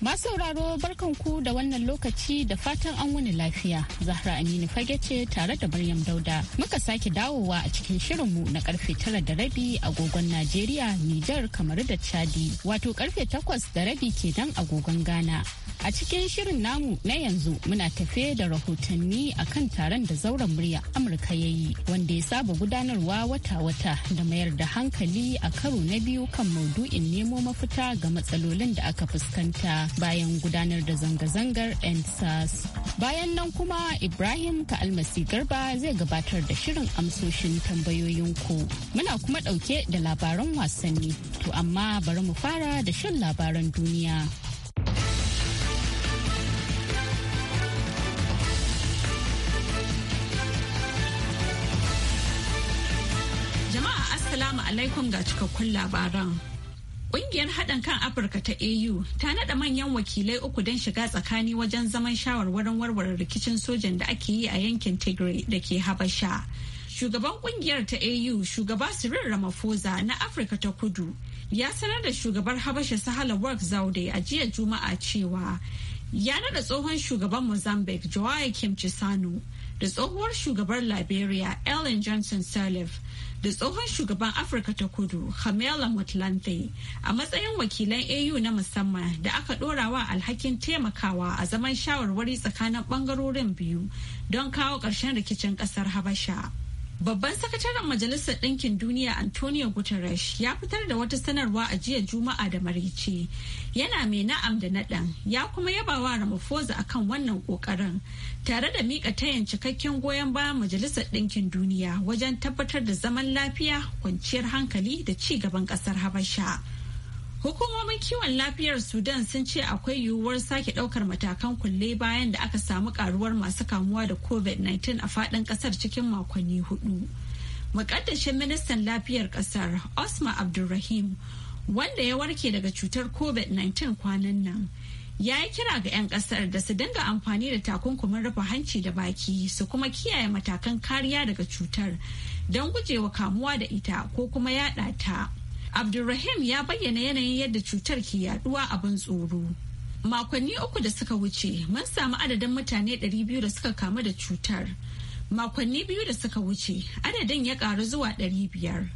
Masu sauraro barkanku da wannan lokaci da fatan an wani lafiya. Zahra Aminu fage ce tare da Maryam Dauda. Muka sake dawowa a cikin shirinmu na karfe tara da rabi agogon Najeriya, Nijar, kamar da Chadi. Wato karfe takwas da rabi kenan agogon Ghana. A cikin shirin namu na yanzu muna tafe da rahotanni a kan taron da zauren murya Amurka ya yi wanda ya saba gudanarwa wata-wata da mayar da hankali a karo na biyu kan maudu'in nemo mafita ga matsalolin da aka fuskanta. bayan gudanar da zanga-zangar NSAS. Bayan nan kuma Ibrahim ka almasi Garba zai gabatar da shirin amsoshin tambayoyin ku Muna kuma ɗauke da labaran wasanni, to amma bari mu fara da shan labaran duniya. Jama'a Assalamu alaikum ga cikakkun labaran. Ƙungiyar haɗin kan Afirka ta AU ta naɗa manyan wakilai uku don shiga tsakani wajen zaman shawarwarin warware rikicin sojan da ake yi a yankin Tigray da ke Habasha. Shugaban ƙungiyar ta AU, shugaba Cyril Ramaphosa na Afirka ta Kudu, ya sanar da shugabar Habasha Sahala Work Zaude a jiya Juma'a cewa ya naɗa tsohon shugaban Mozambique Joao Kim Chisano da tsohuwar shugabar Liberia Ellen Johnson Sirleaf da tsohon shugaban afirka ta kudu Kamela Motlanthe a matsayin wakilan au na musamman da aka ɗorawa alhakin taimakawa a zaman shawarwari tsakanin bangarorin biyu don kawo ƙarshen rikicin ƙasar habasha Babban sakataren Majalisar Ɗinkin Duniya Antonio Guterres ya fitar da wata sanarwa a jiya Juma'a da Marici. Yana mai na'am da naɗan ya kuma yabawa Ramaphosa kan wannan ƙoƙarin tare da miƙa tayan cikakken goyon bayan Majalisar Ɗinkin Duniya wajen tabbatar da zaman lafiya, kwanciyar hankali da ci gaban ƙasar Habasha. Hukumomin kiwon lafiyar Sudan sun ce akwai yiwuwar sake ɗaukar matakan kulle bayan da aka samu karuwar masu kamuwa da COVID-19 a faɗin ƙasar cikin makonni hudu. Mukaddashin ministan lafiyar ƙasar Osman Abdulrahim wanda ya warke daga cutar COVID-19 kwanan nan. Ya yi kira ga 'yan ƙasar da su dinga amfani da takunkumin rufe hanci da baki su kuma kiyaye matakan kariya daga cutar don gujewa kamuwa da ita ko kuma yaɗa ta. Abdulrahim ya bayyana yanayin yadda cutar ke yaduwa ban tsoro. Makonni uku da suka wuce mun samu adadin mutane 200 da suka kamu da cutar. Makonni biyu da suka wuce adadin ya ƙaru zuwa 500.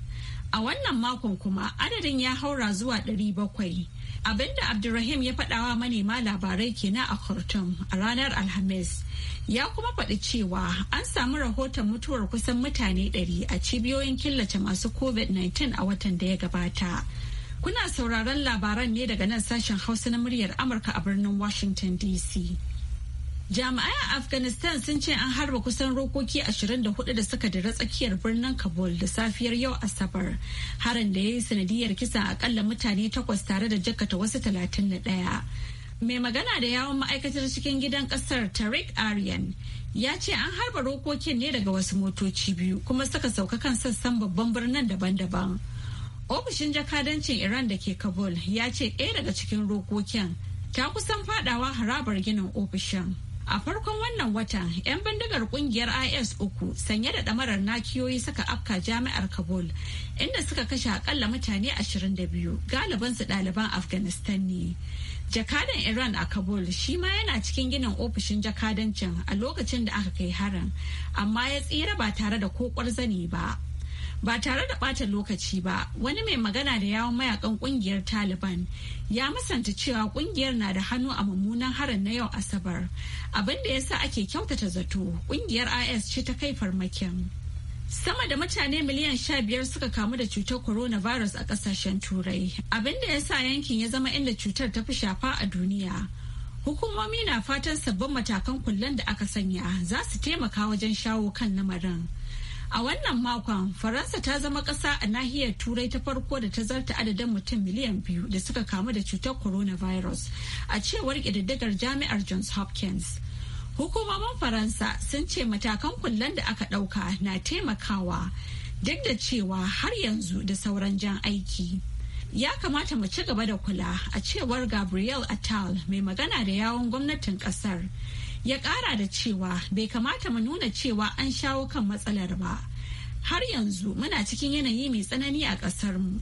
A wannan makon kuma adadin ya haura zuwa 700. abinda abdulrahim ya faɗawa manema labarai kenan a khartoum a ranar alhamis ya kuma faɗi cewa an samu rahoton mutuwar kusan mutane 100 a cibiyoyin killace masu covid-19 a watan da ya gabata kuna sauraron labaran ne daga nan sashen hausa na muryar amurka a birnin washington dc Jami'ai a Afghanistan sun ce an harba kusan rokoki 24 da suka dira tsakiyar birnin Kabul da safiyar yau Asabar. Harin da ya yi sanadiyar kisa akalla mutane takwas tare da jakata wasu 31. Mai magana da yawon ma'aikatar cikin gidan kasar Tarik Aryan ya ce an harba rokokin ne daga wasu motoci biyu kuma suka sauka kan sassan babban birnin daban-daban. Ofishin jakadancin Iran da ke Kabul ya ce ɗaya daga cikin rokokin ta kusan faɗawa harabar ginin ofishin. A farkon wannan watan, 'yan bindigar kungiyar IS uku sanye da ɗamarar nakiyoyi suka afka jami'ar Kabul, inda suka kashe akalla mutane 22 galibansu ɗaliban Afghanistan ne. Jakadan Iran a Kabul shi ma yana cikin ginin ofishin jakadancin a lokacin da aka kai harin, amma ya tsira ba tare da ko zani ba. ba tare da ɓata lokaci ba wani mai magana da yawon mayakan ƙungiyar taliban ya musanta cewa ƙungiyar na da hannu a mummunan harin na yau asabar abin da ya sa ake kyautata zato kungiyar is ce ta kai farmakin sama da mutane miliyan sha biyar suka kamu da cutar coronavirus a kasashen turai abin da ya sa yankin ya zama inda cutar ta fi shafa a duniya hukumomi na fatan sabbin matakan kullum da aka sanya za su taimaka wajen shawo kan lamarin A wannan makon Faransa ta zama ƙasa a nahiyar Turai ta farko da ta zarta adadin mutum miliyan biyu da suka kamu da cutar coronavirus a cewar ƙididdigar jami'ar Johns Hopkins. Hukumomin Faransa sun ce matakan kullen da aka ɗauka na taimakawa duk da cewa har yanzu da sauran jan aiki. Ya kamata mu ci gaba da kula a cewar Gabriel Attal mai magana da yawon gwamnatin ƙasar. ya kara da cewa bai kamata mu nuna cewa an shawo kan matsalar ba har yanzu muna cikin yanayi mai tsanani a ƙasar mu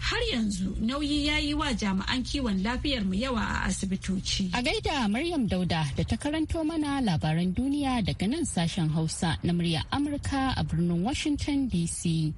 har yanzu nauyi ya yi wa jami'an kiwon lafiyar mu yawa a asibitoci. A gaida Maryam Dauda da ta karanto mana labaran duniya daga nan sashen Hausa na murya Amurka a birnin Washington DC.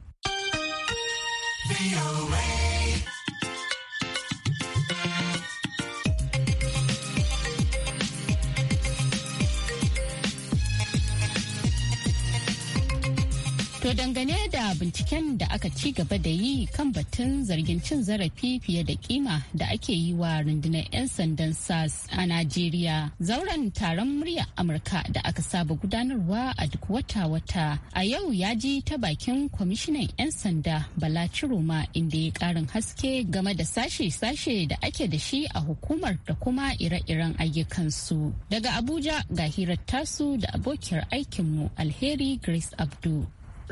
To dangane da binciken da aka ci gaba da yi kan batun zargin cin zarafi fiye da kima da ake yi wa rundunar 'yan sandan SAS a Najeriya. Zauren taron murya Amurka da aka saba gudanarwa a duk wata-wata a yau ya ji ta bakin kwamishinan 'yan sanda Bala Ciroma inda ya karin haske game da sashe-sashe da ake da shi a hukumar da kuma ire-iren ayyukansu. Daga Abuja ga hirar tasu da abokiyar aikinmu Alheri Grace Abdu.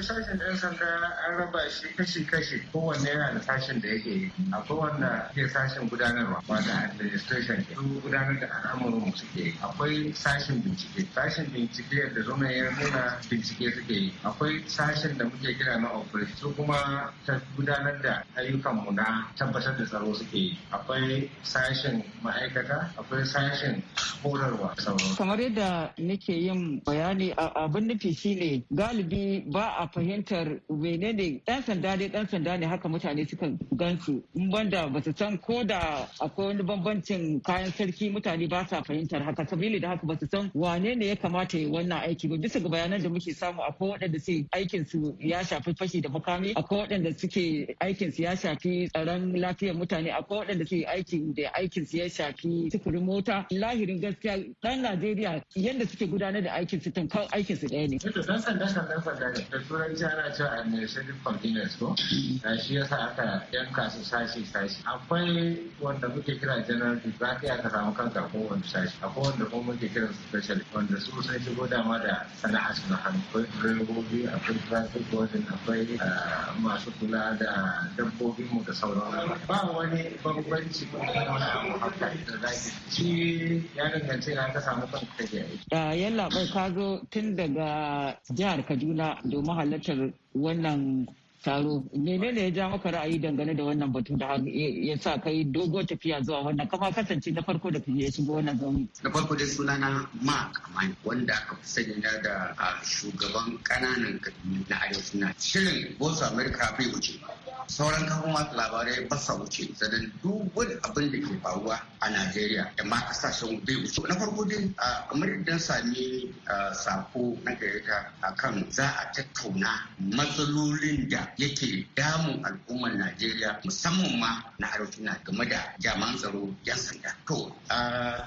sashen ɗan sanda an raba shi kashi-kashi kowanne yana da sashen da yake akwai wanda ke sashen gudanarwa da administration ke su gudanar da al'amuran suke akwai sashen bincike sashen bincike da zama ya nuna bincike suke yi akwai sashen da muke kira na operation su kuma ta gudanar da ayyukan mu na tabbatar da tsaro suke yi akwai sashen ma'aikata akwai sashen horarwa kamar yadda nake yin bayani a abin nufi shine galibi ba a Fahimtar wene ne dan sanda ne dan sanda ne haka mutane suka gansu in banda ba su san ko da akwai wani bambancin kayan sarki mutane ba sa fahimtar haka sabili da haka ba su san wane ne ya kamata wannan aiki ba bisa ga bayanan da muke samu akwai waɗanda su aikin su ya shafi fashi da makami akwai waɗanda suke aikin su ya shafi tsaron lafiyar mutane akwai waɗanda suke aikin da aikin su ya shafi sufurin mota lahirin gaskiya dan Najeriya yadda suke gudanar da aikin su kan aikin su ɗaya Dan sanda sanda sanda ne turanci ana cewa administrative convenience ko shi yasa aka yanka su sashi sashi akwai wanda muke kira general za ka ka samu kanka ko wani sashi akwai wanda kuma muke kira su special wanda su sun shigo dama da sana'a su na hannu akwai direbobi akwai traffic warden akwai ah, masu kula da dabbobin mu da sauran ba wani bambanci ko wani abu haka da zaki shi ya danganci na ka samu kanka ke aiki. Ah, Yallaɓai ka zo tun daga jihar Kaduna domin halartar wannan taro menene ya ja maka ra'ayi dangane da wannan batu da ya sa kai dogo tafiya zuwa wannan kama kasance na farko da ya shigo wannan zaune na farko dai sunana mark amani wanda aka fi sani da shugaban kananan kabilu na arewacin na shirin bosu Amurka bai wuce sauran kafin labarai ba sa wuce sanin duk wani abin da ke faruwa a najeriya da ma kasashen bai wuce na farko dai kamar idan sami sako na gayyata akan za a tattauna matsalolin da yake damun al'ummar Najeriya musamman ma na arewacin game da jaman tsaro 'yan sanda. To,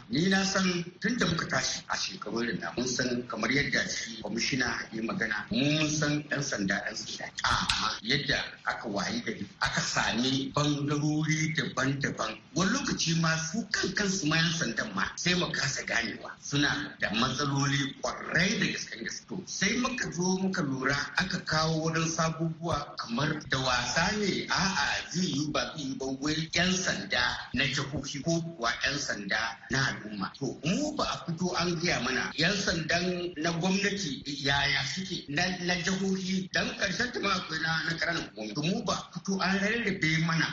ni na san tun da muka tashi a shekarun da mun san kamar yadda shi kwamishina yi magana mun san 'yan sanda 'yan sanda. Amma yadda aka wayi gari aka sami bangarori daban-daban wani lokaci ma su kan kansu ma 'yan sandan ma sai mu kasa ganewa suna da matsaloli kwarai da gaske gaske. sai muka zo muka lura aka kawo wurin sabubuwa kamar da wasa ne a'a zai yi ba zai yi ba wai yan sanda na jihohi ko kuwa yan sanda na al'umma to mu ba a fito an gaya mana yan sandan na gwamnati yaya suke na jihohi dan karshen ta ma akwai na karanan gwamnati to mu ba a fito an rarrabe mana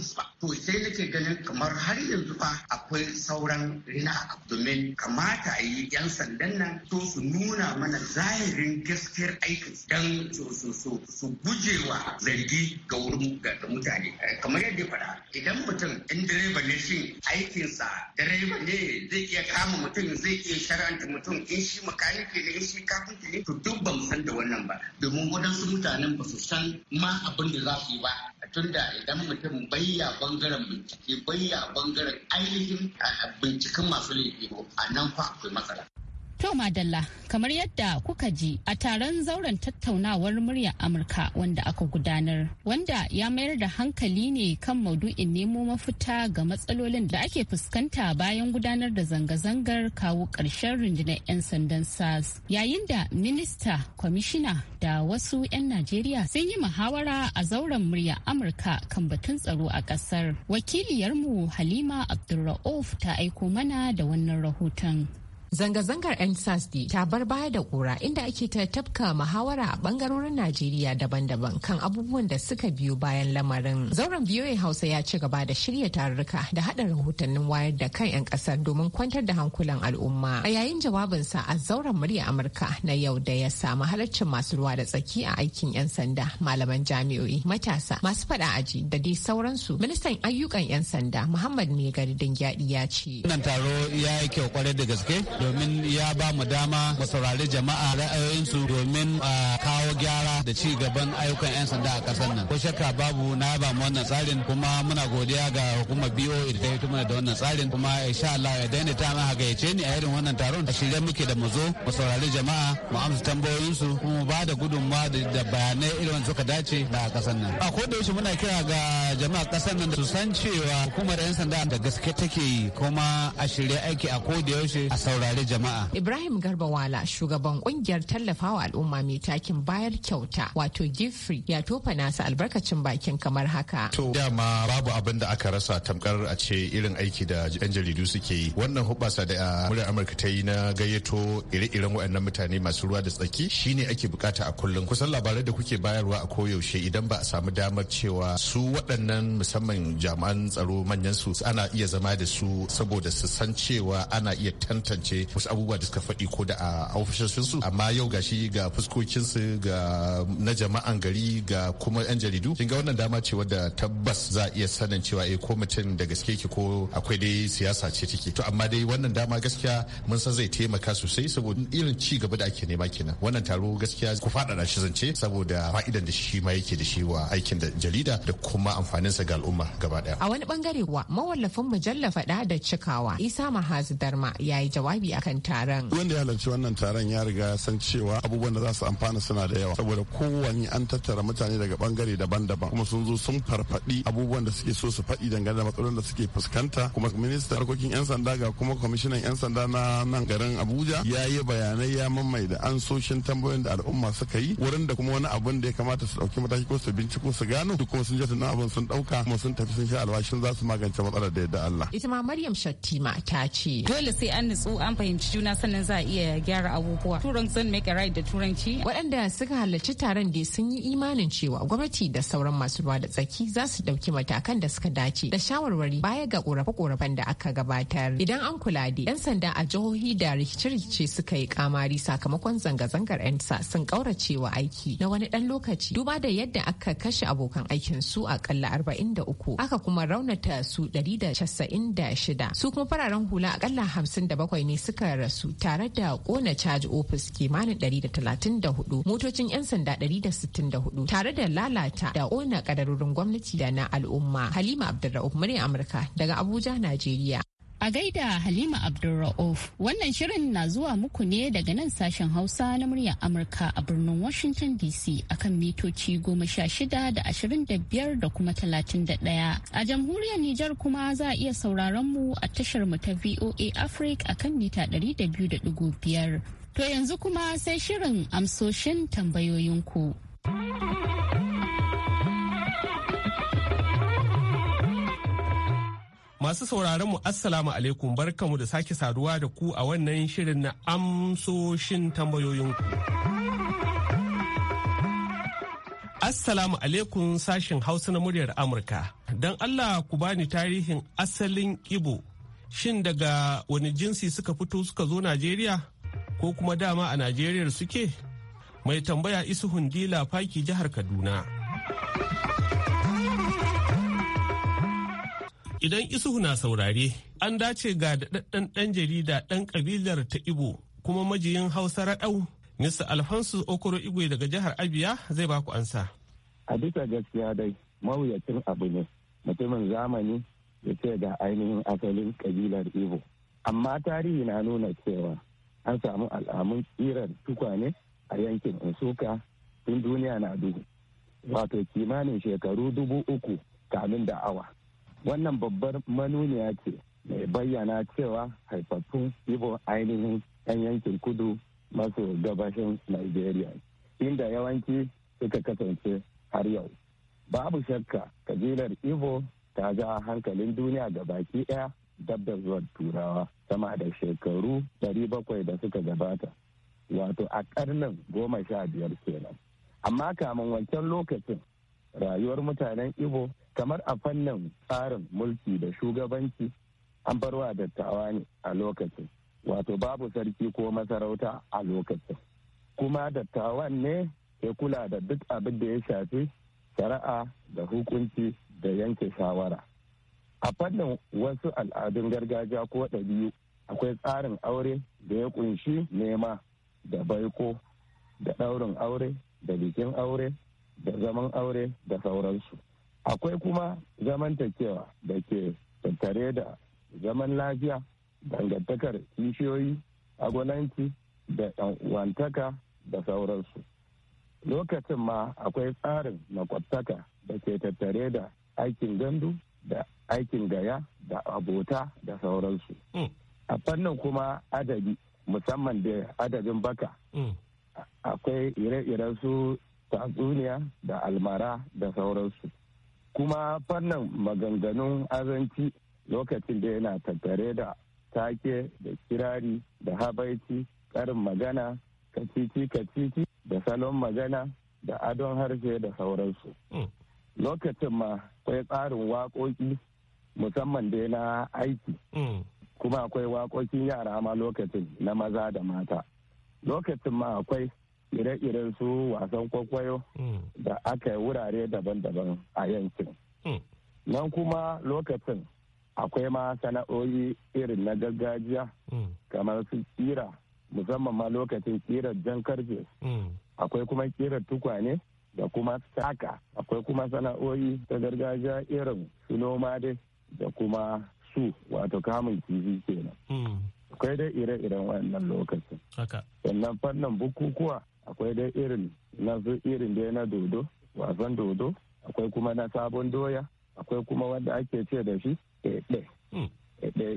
su ba to sai nake ganin kamar har yanzu fa akwai sauran rina domin kamata a yi yan sandan nan to su nuna mana zahirin gaskiyar aikin dan su guje gujewa zargi ga wurin ga mutane eh, kamar yadda faɗa idan mutum in direba ne shi aikinsa direba ne zai iya kama mutum zai iya sharanta mutum in shi makaniki ne in shi kafinta ne to duk ban san da wannan ba domin waɗansu mutanen ba su san ma abin da za su yi ba tunda idan mutum bayya bangaren bincike bayya bangaren ainihin binciken masu laifi a nan fa akwai matsala. To Madalla, kamar yadda kuka ji a taron zauren tattaunawar murya Amurka wanda aka gudanar, wanda ya mayar da hankali ne kan maudu'in nemo mafita ga matsalolin da ake fuskanta bayan gudanar da zanga-zangar kawo ƙarshen rundunar 'yan sandan SARS. Yayin da minista, kwamishina da wasu 'yan Najeriya sun yi muhawara a zauren murya Amurka kan batun tsaro a ƙasar. Wakiliyarmu Halima Abdulra'uf ta aiko mana da wannan rahoton. Zanga-zangar NSASD ta bar baya da kura inda ake ta tafka muhawara a bangarorin Najeriya daban-daban kan abubuwan da suka biyo bayan lamarin. Zauren biyoyi Hausa ya ci gaba da shirya tarurruka da haɗa rahotannin wayar da kan 'yan ƙasar domin kwantar da hankulan al'umma. A yayin jawabinsa a zauren murya Amurka na yau da ya samu halarcin masu ruwa da tsaki a aikin 'yan sanda, malaman jami'o'i, matasa, masu faɗa aji da dai sauransu. Ministan ayyukan 'yan sanda Muhammad Megari Dingyadi ya ce. Wannan taro ya yi kyau da gaske domin ya ba mu dama mu saurari jama'a ra'ayoyinsu domin a kawo gyara da ci gaban ayyukan 'yan sanda a ƙasar nan. Ko shakka babu na ba mu wannan tsarin kuma muna godiya ga hukumar BOA da ta hito mana da wannan tsarin kuma insha Allah ya daina ta mana gayyace ni a irin wannan taron a shirye muke da mu zo mu saurari jama'a mu amsa tambayoyinsu kuma mu ba da gudunmawa da bayanai irin suka dace da ƙasar nan. A koda yaushe muna kira ga jama'a ƙasar nan su san cewa hukumar 'yan sanda da gaske take yi kuma a shirye aiki a koda yaushe a saurari saurari jama'a. Ibrahim garba wala shugaban kungiyar tallafawa al'umma mai takin bayar kyauta wato Gifri ya tofa nasa albarkacin bakin kamar haka. To dama babu abin da aka rasa tamkar a ce irin aiki da yan jaridu suke yi. Wannan hubasa da ah, muryar Amurka ta yi na gayyato ire-iren waɗannan mutane masu ruwa da tsaki shine ake bukata a kullum. Kusan labarai da kuke bayarwa a koyaushe idan ba a samu damar cewa su waɗannan musamman jami'an tsaro manyan su ana iya zama da su saboda su san cewa ana iya tantance wasu abubuwa da suka faɗi ko da a su amma yau gashi ga fuskokinsu ga na jama'an gari ga kuma 'yan jaridu kin ga wannan dama ce wadda tabbas za a iya sanin cewa eh ko mutum da gaske ki ko akwai dai siyasa ce take to amma dai wannan dama gaskiya mun san zai taimaka sosai saboda irin ci gaba da ake nema kenan wannan taro gaskiya ku faɗaɗa shi zance saboda fa'idan da shi ma yake da shi wa aikin da jarida da kuma amfaninsa ga al'umma gaba ɗaya a wani bangare wa mawallafin mujallar da cikawa isa mahazu darma ya yi jawabi jawabi akan taron. Wanda ya halarci wannan taron ya riga ya san cewa abubuwan da za su amfana suna da yawa saboda kowanne an tattara mutane daga bangare daban-daban kuma sun zo sun farfaɗi abubuwan da suke so su faɗi dangane da matsalolin da suke fuskanta kuma ministan harkokin 'yan sanda ga kuma kwamishinan 'yan sanda na nan garin Abuja ya yi bayanai ya mamaye da soshin tambayoyin da al'umma suka yi wurin da kuma wani abun da ya kamata su dauki mataki ko su binciko su gano duk kuma sun je tunan abin sun ɗauka kuma sun tafi sun sha alwashin za su magance matsalar da yadda Allah. Ita ma Maryam Shattima ta ce. Dole sai an nutsu an fahimci juna sannan za a iya gyara abubuwa turan zan make a da turanci waɗanda suka halarci taron da sun yi imanin cewa gwamnati da sauran masu ruwa da tsaki za su ɗauki matakan da suka dace da shawarwari baya ga ƙorafe-ƙorafen da aka gabatar idan an kula da 'yan sanda a jihohi da rikice-rikice suka yi kamari sakamakon zanga-zangar 'yansa sun ƙauracewa aiki na wani ɗan lokaci duba da yadda aka kashe abokan aikin su da uku, aka kuma raunata su ɗari da casa'in 196 su kuma fararen hula akalla 57 ne suka rasu tare da kona caji ofis kimanin 134 motocin 'yan sanda 164 tare da lalata da kona kadarorin gwamnati da na al'umma halima abdulra'uf murya amurka daga abuja najeriya A gaida Halima Abdulra'uf wannan shirin na zuwa muku ne daga nan sashen Hausa na muryar Amurka a birnin Washington DC akan mitoci goma sha shida da ashirin da biyar da kuma talatin da ɗaya. A jamhuriyar Nijar kuma za a iya sauraron mu a tashar mu ta VOA Africa akan mita ɗari da biyu da ɗigo biyar. To yanzu kuma sai shirin amsoshin tambayoyinku. Masu sauraron mu Assalamu alaikum barkamu da sake saduwa da ku a wannan shirin na amsoshin tambayoyinku. Assalamu alaikum sashin Hausa na muryar Amurka. Don Allah ku bani tarihin asalin Ibo. Shin daga wani jinsi suka fito suka zo Najeriya? Ko kuma dama a Najeriya suke? Mai tambaya Isu Hundila Faki jihar Kaduna. Idan Isuhu na saurare, an dace ga daɗaɗɗen ɗan jarida ɗan ƙabilar ta Ibo kuma majiyin Hausa raɗau. Mista Alfonso Okoro Igwe daga jihar Abia zai baku ansa. A bisa gaskiya dai mawuyacin abu ne mutumin zamani ya ce ga ainihin asalin ƙabilar ibo Amma tarihi na nuna cewa an samu al'amun tsirar tukwane a yankin Nsuka tun duniya na duhu. Wato kimanin shekaru dubu uku kamin da awa. wannan babbar manuniya ce mai bayyana cewa haifaffun ibo ainihin 'yan yankin kudu maso gabashin nigeria inda yawanci suka kasance har yau babu shakka kabilar ibo ta ga hankalin duniya ga baki daya dabbar da zuwan turawa sama da shekaru 700 da suka gabata wato a karnin goma sha biyar kenan amma kamun wancan lokacin rayuwar mutanen ibo kamar a fannin tsarin mulki da shugabanci an farwa dattawa ne a lokacin wato babu sarki ko masarauta a lokacin kuma dattawan ne ke kula da duk abin da ya shafi shari'a da hukunci da yanke shawara a fannin wasu al'adun gargajiya ko ɗabi'u akwai tsarin aure da ya kunshi nema da baiko da ɗaurin aure da bikin aure da zaman aure da sauransu akwai kuma zamantakewa da ke tattare da zaman lafiya dangantakar kishiyoyi agonanci da uwantaka da sauransu lokacin ma akwai tsarin makwabtaka da ke tattare da aikin gandu da aikin gaya da abota da sauransu hmm. a fannin kuma adabi musamman da adabin baka hmm. akwai ire-iren su tatsuniya da almara da sauransu kuma fannin maganganun azanci lokacin da yana tattare da take da kirari da habaici karin magana kacici kacici da salon magana da adon harshe da sauransu hmm. lokacin ma akwai tsarin waƙoƙi musamman dai na aiki hmm. kuma akwai waƙoƙin yara ma lokacin na maza da mata lokacin ma akwai ire-iren su wasan kwakwayo hmm. da aka yi wurare daban-daban a yankin. Hmm. Nan kuma lokacin akwai ma sana'o'i irin na gargajiya hmm. kamar su kira musamman ma lokacin kirar jan karfe akwai kuma kirar tukwane da kuma saka akwai kuma sana'o'i ta gargajiya irin su noma dai da kuma su wato kamun kifi kenan. akwai dai ire-iren wannan lokacin. Sannan fannin bukukuwa akwai dai irin na irin dai na dodo wazon dodo akwai kuma na sabon doya akwai kuma wanda ake ce da shi ɗe ɗe hmm.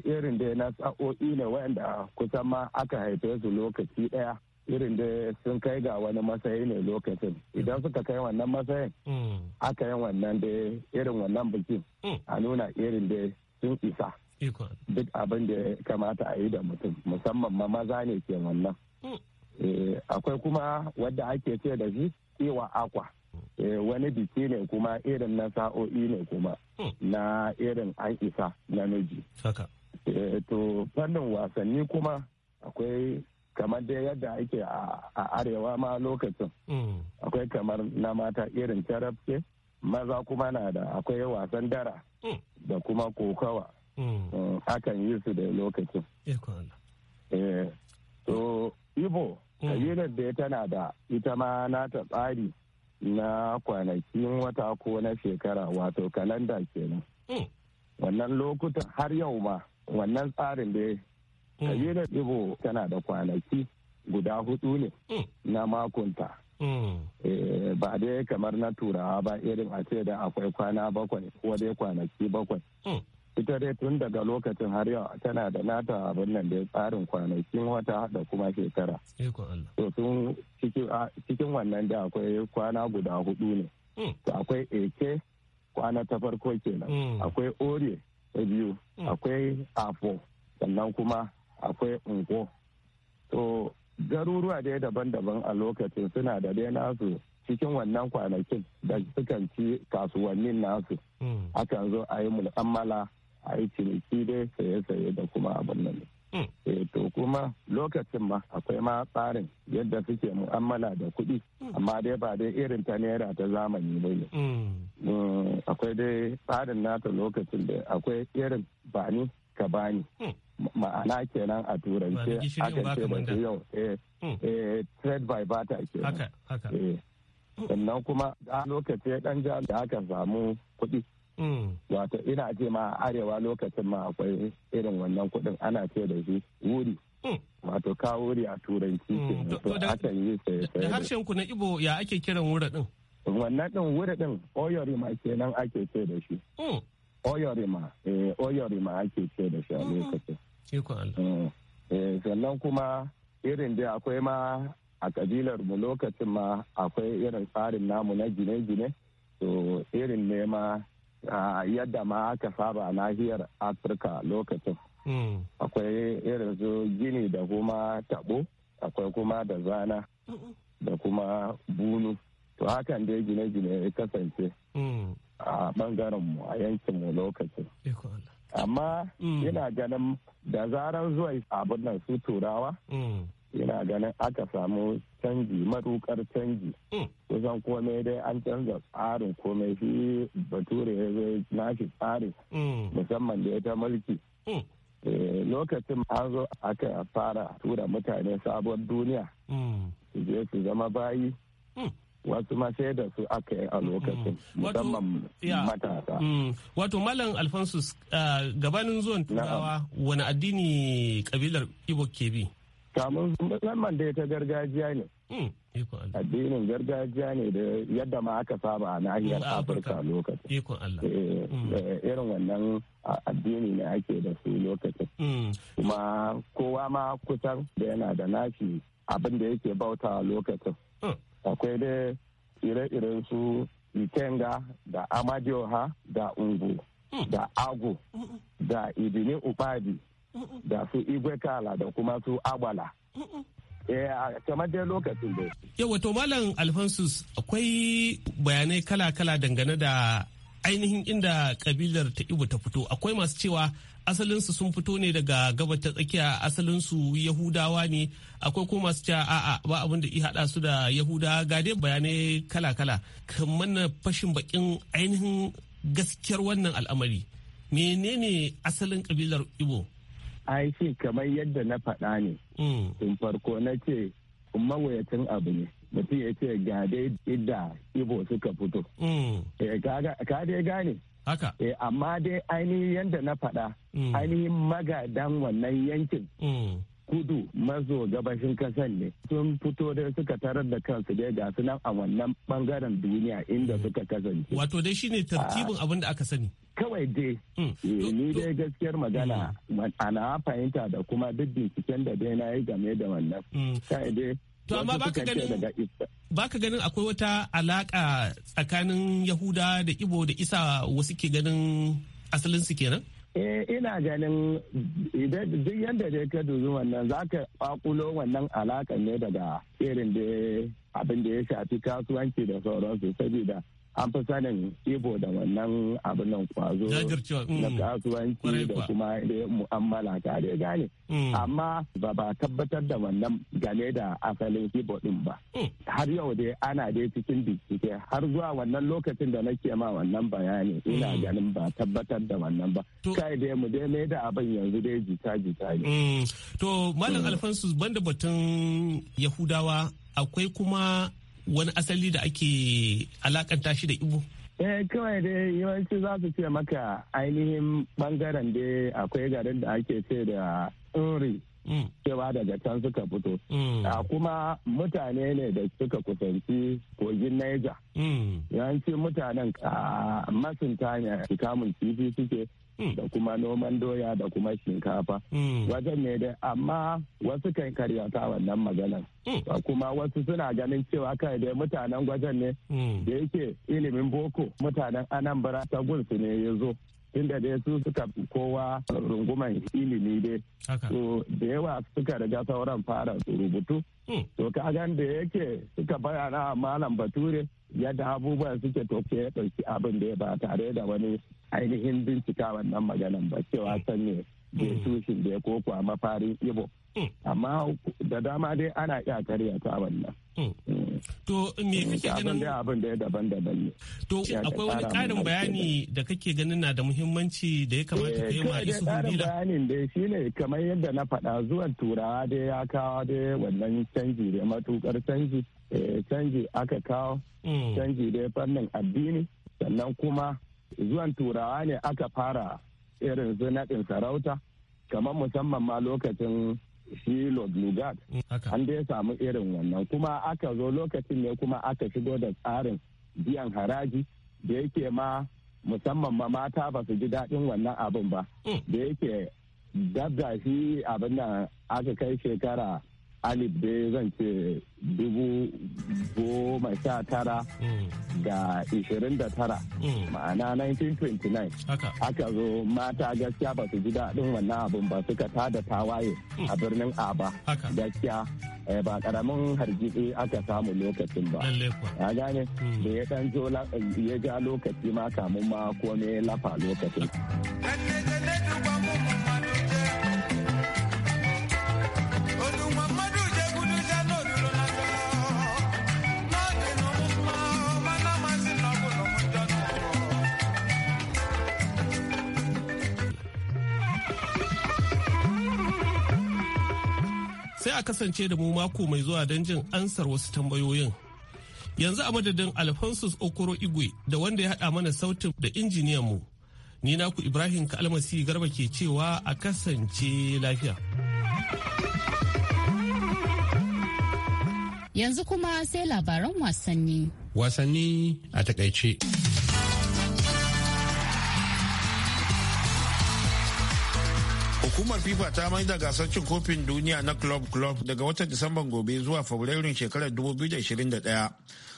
irin dai na sa'o'i ne wanda kusan ma aka haife su lokaci ɗaya irin da sun kai ga wani matsayi ne lokacin idan suka kai wannan matsayin hmm. aka yi wannan da irin wannan bikin hmm. a nuna irin da sun isa duk abin da kamata a yi da mutum musamman ma maza ne ke wannan Eh, akwai kuma wadda ake ce da shi iwa akwa eh, wani biki ne kuma irin na sa'o'i ne kuma hmm. na irin an isa na miji eh, to fannin wasanni kuma akwai kamar dai yadda ake a arewa ma lokacin hmm. akwai kamar na mata irin tarafke maza kuma na da akwai wasan dara hmm. da kuma kokawa akan yi su da lokacin to ibo Mm. kabilar da tana da ita ma nata tsari na kwanakin wata ko na shekara wato kalanda kenan mm. wannan lokutan har yau ma wannan tsarin da mm. kabilar ibo tana da kwanaki guda hudu ne na makonta eh, ba dai kamar na turawa ba irin a ce da akwai kwana bakwai ko dai kwanaki bakwai ita dai tun daga lokacin har yau tana da nata abin nan da tsarin kwanakin wata da kuma shekara to tun cikin wannan da akwai kwana guda hudu ne hmm. to akwai eke kwana ta farko kenan hmm. akwai ore ta biyu hmm. akwai afo sannan kuma akwai unko to garuruwa dai daban-daban a lokacin suna da dai nasu cikin wannan kwanakin da sukan ci kasuwannin nasu akan zo a yi mul'amala Aiki ne ciniki dai saye-saye da kuma abin nan hmm. Eh to kuma lokacin ma akwai ma tsarin yadda suke mu'amala da kuɗi hmm. amma dai ba dai irin ta naira ta zamani ba ne. Hmm. Akwai dai tsarin nata lokacin da akwai irin bani ka bani. Ma'ana kenan a turance aka ce ba ta yau eh, eh, trade by barter kenan. Eh. Sannan kuma a ya ɗan ja da aka samu kuɗi. Mm. wato ina ce ma arewa lokacin ma akwai irin wannan kuɗin ana ce da shi wuri mm. wato ka wuri a turanci mm. akan yi saye da harshen ku na ibo ya ake kiran wura din wannan din wuri din oyorima kenan ake ce da shi oyorima eh oyorima ake ce da shi a mm-hmm. lokacin eh, sannan kuma irin da akwai ma a kabilar mu lokacin ma akwai irin tsarin namu na gine-gine to irin ne ma yadda ma aka saba nahiyar afirka lokacin hmm. akwai irin su gini da kuma tabo akwai kuma da zana da kuma bunu to hakan dai gine-gine ya kasance hmm. a bangaren mu a yankin mu lokacin amma yana hmm. ganin da zarar zuwa abin nan su turawa ina ganin aka samu canji matukar canji hmm. kusan komai dai an canza tsarin komai shi bature ya zai nashi tsarin hmm. musamman da ta mulki hmm. eh, lokacin an zo aka fara tura mutane sabon duniya su je su zama bayi wasu ma sai da su aka yi a lokacin musamman matasa. Wato Malam alfonsus ah, gabanin zuwan turawa wani addini kabilar ibo ke bi? kamun musamman da ta gargajiya ne hmm, addinin gargajiya ne da yadda ma aka saba a nahiyar hmm, afirka lokacin eh, hmm. eh, irin wannan addini ne ake da su lokacin kuma kowa ma kusan da yana da nashi abin da yake bauta lokacin akwai da ire-iren su itenga da amadioha da ungu da agu da idini ubadi da su igwe kala da kuma su agbala eh, kamar dai lokacin da yawa to malam alfansus akwai bayanai kala-kala dangane da ainihin inda kabilar ta ibo ta fito akwai masu cewa asalinsu sun fito ne daga gabar ta tsakiya asalinsu yahudawa ne akwai ko masu cewa a'a ba abin da i hada su da yahuda ga dai bayanai kala-kala kamar na fashin bakin ainihin gaskiyar wannan al'amari menene asalin kabilar ibo Aiki kamar yadda na faɗa ne hmm. tun farko na ce mawuyacin abu ne mutum ya ce ga idda ibo suka fito hmm. eh, ka dai gane haka eh, amma dai ainihin yadda na faɗa hmm. ainihin magadan wannan yankin kudu maso gabashin kasan ne sun fito da suka tarar da kansu dai ga su nan a wannan bangaren duniya inda mm. suka kasance wato dai shine ah. tartibin abin da aka sani kawai dai mm. eh, ni dai gaskiyar magana mm. ana fahimta da kuma duk binciken da dai na yi game da wannan kai dai to amma baka ganin baka ganin akwai wata alaka tsakanin yahuda da ibo da isa wasu ke ganin asalin su kenan Eh, ina ganin duk yadda dai ka dubi wannan za ka kwakulo wannan alaƙa ne daga irin da abin da ya shafi kasuwanci da sauransu saboda an fi sanin ibo da wannan abin nan kwazo na mm, kasuwanci da kuma mu'amala tare gane mm. amma ba ba tabbatar da wannan game da asalin ibo din ba mm. har yau dai ana dai cikin bincike har zuwa wannan lokacin da nake ma wannan bayani ina ganin ba tabbatar da wannan ba kai dai mu dai mai da abin yanzu dai jita jita ne to malam alfansu banda batun yahudawa akwai kuma wani asali da ake alakanta shi da Igbo? Eh kawai dai yawanci za su ce maka ainihin bangaren dai. akwai garin da ake ce da tsori Mm. cewa daga can suka fito mm. ah, kuma mutane ne da suka kusanci kogin Niger mm. yawanci mutanen ah, masunta ne kamun kifi suke da kuma noman doya da kuma shinkafa wajen ne dai amma wasu kan karyata wannan maganar ah, kuma wasu suna ganin cewa kai dai mutanen gwajen ne da yake ilimin boko mutanen anambra ta gulsu ne ya zo inda dai su suka kowa runguman ilimi dai to da yawa suka riga sauran fara rubutu to gan da yake suka bayana malam bature yadda abubuwan suke to ke ɗauki abin da ya ba tare da wani ainihin bincika wannan maganan ba cewa san hmm. da hmm. sushin da ya koko a mafarin ibo hmm. amma da dama dai ana iya karya ta wannan hmm. to me kake ganin da abin da ya daban-daban ne to akwai wani karin bayani da kake ganin na da muhimmanci da ya kamata ka yi eh, ma isu karin bayanin dai shine kamar yadda na faɗa zuwan turawa dai ya kawo dai wannan canji da matukar canji eh, canji aka kawo canji dai fannin addini sannan kuma zuwan turawa ne aka fara irin su naɗin sarauta kamar musamman ma lokacin shi Lord Lugard. An dai samu irin wannan kuma aka zo lokacin ne kuma aka shigo da tsarin biyan haraji da yake ma musamman ma mata ba su ji daɗin wannan abin ba. Hmm. Da yake dabda shi abin nan aka kai shekara alif dai zan ce dubu goma sha tara mm. da ishirin da tara mm. ma'ana 1929 aka zo mata gaskiya ba su ji daɗin wannan abin ba suka da tawaye mm. a birnin aba gaskiya eh, ba karamin hargitsi aka samu lokacin ba ya gane da ya ɗan zo ya ja lokaci ma kamun ma kome lafa lokacin a kasance da mu mako mai zuwa don jin ansar wasu tambayoyin. Yanzu a madadin Alphonsus Okoro Igwe da wanda ya haɗa mana sautin da injiniyan mu. Ni naku Ibrahim Kalmasi Garba ke cewa a kasance lafiya. Yanzu kuma sai labaran wasanni. Wasanni a takaice. hukumar fifa ta mai da gasar cin kofin duniya na club club daga watan disamban gobe zuwa fabrairun shekarar 2021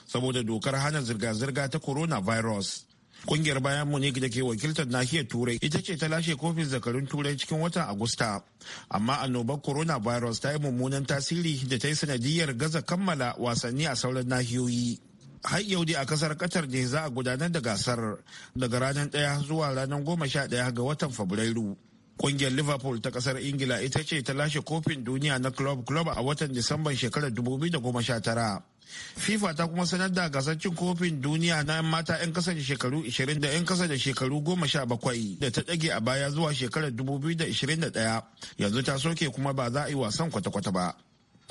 saboda dokar hana zirga-zirga ta coronavirus kungiyar bayan munich da ke wakiltar nahiyar turai ita ce ta lashe kofin zakarun turai cikin watan agusta amma annobar coronavirus ta yi mummunan tasiri da ta yi sanadiyar gaza kammala wasanni a sauran nahiyoyi har yau dai a kasar Qatar ne za a gudanar da gasar daga ranar ɗaya zuwa ranar goma sha ɗaya ga watan Fabrairu. Kungiyar Liverpool ta kasar Ingila ita ce ta lashe kofin duniya na club club a watan Disamban shekarar 2019. FIFA ta kuma sanar da gasar cin kofin duniya na 'yan mata 'yan kasa da shekaru 20 da 'yan kasa da shekaru 17 da ta ɗage a baya zuwa shekarar 2021 yanzu ta soke kuma ba za a yi wasan kwata-kwata ba.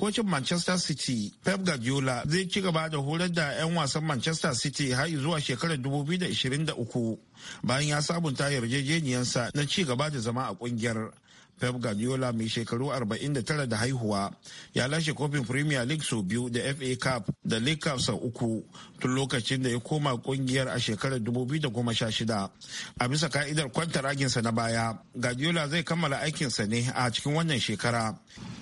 kocin manchester city pep guardiola zai ci gaba da horar da 'yan wasan manchester city har zuwa shekarar 2023 bayan ya sabunta yarjejeniyarsa na ci gaba da zama a kungiyar Pep Guardiola mai shekaru 49 da haihuwa ya lashe kofin Premier League sau biyu da FA Cup da League Cup sau uku tun lokacin da ya koma kungiyar a shekarar 2016. A bisa ka'idar raginsa na baya, Guardiola zai kammala aikinsa ne a cikin wannan shekara.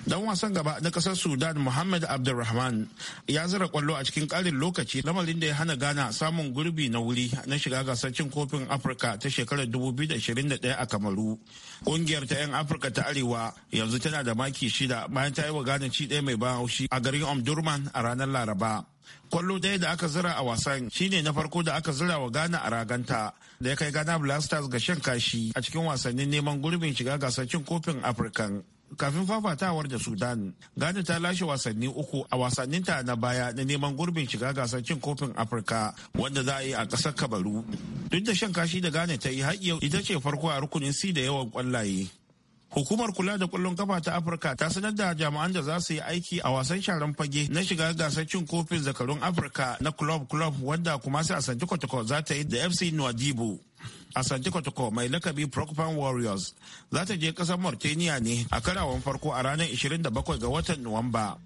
Dan wasan gaba na kasar Sudan Muhammad Abdulrahman ya zira kwallo a cikin karin lokaci lamarin da ya hana Ghana samun gurbi na wuri na shiga gasar cin kofin Afirka ta shekarar 2021 a Kamaru. Kungiyar ta 'yan Afirka afirka ta arewa yanzu tana da maki shida bayan ta yi wa gane ci ɗaya mai ban haushi a garin omdurman a ranar laraba kwallo ɗaya da aka zira a wasan shine na farko da aka zira wa ghana a raganta da ya kai ghana blasters ga shan kashi a cikin wasannin neman gurbin shiga gasar cin kofin afirkan kafin fafatawar da sudan ghana ta lashe wasanni uku a wasanninta na baya na neman gurbin shiga gasar cin kofin afirka wanda za a yi a kasar kabaru duk da shan kashi da ghana ta yi har yau ita ce farko a rukunin si da yawan kwallaye Hukumar kula da kwallon kafa ta Afirka ta sanar da jami'an da za su yi aiki a wasan sharan fage na shiga gasar cin kofin zakarun Afirka na club club wadda kuma sai Asante Kotoko za ta yi da FC Nwadibu. Asante Kotoko mai lakabi Procopan Warriors za ta je kasar Mauritania ne a karawan farko a ranar 27 ga watan Nuwamba.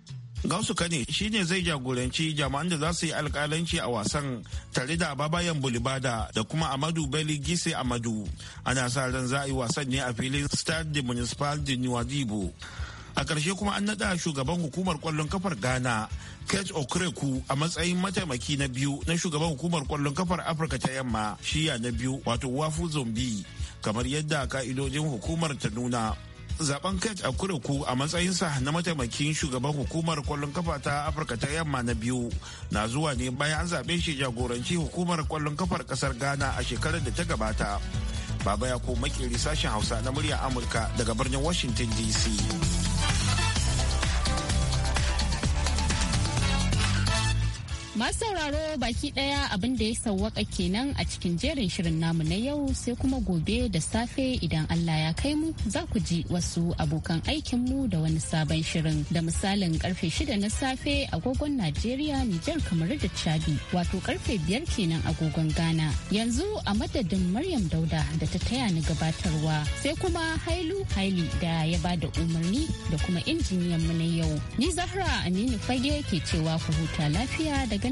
Gausu Kane shine zai jagoranci jama'an da za su yi alkalanci a wasan tare da Ababayan Bulibada da kuma Amadu Beli Gise Amadu. Ana sa ran za a yi wasan ne a filin Stade de Municipal de A ƙarshe kuma an naɗa shugaban hukumar ƙwallon kafar Ghana, Kate Okreku a matsayin mataimaki na biyu na shugaban hukumar ƙwallon kafar Afirka ta Yamma shiya na biyu wato Wafu Zombi kamar yadda ka'idojin hukumar ta nuna. zaben a Akureku a matsayinsa na mataimakin shugaban hukumar kwallon kafa ta Afirka ta yamma na biyu na zuwa ne bayan an zaɓe shi jagoranci hukumar kwallon kafar ƙasar Ghana a shekarar da ta gabata. Baba ya ko makeri sashen Hausa na murya Amurka daga birnin Washington DC. Masu sauraro baki ɗaya abin da ya sauwaka kenan a cikin jerin shirin namu na yau sai kuma gobe da safe idan Allah ya kai mu za ku ji wasu abokan aikinmu da wani sabon shirin da misalin karfe shida na safe agogon Najeriya Nijar kamar da Chadi wato karfe biyar kenan agogon Ghana. Yanzu a madadin Maryam Dauda da ta taya ni gabatarwa sai kuma Hailu Haili da ya ba da umarni da kuma injiniyan mu na yau. Ni Zahra Aminu Fage ke cewa ku huta lafiya daga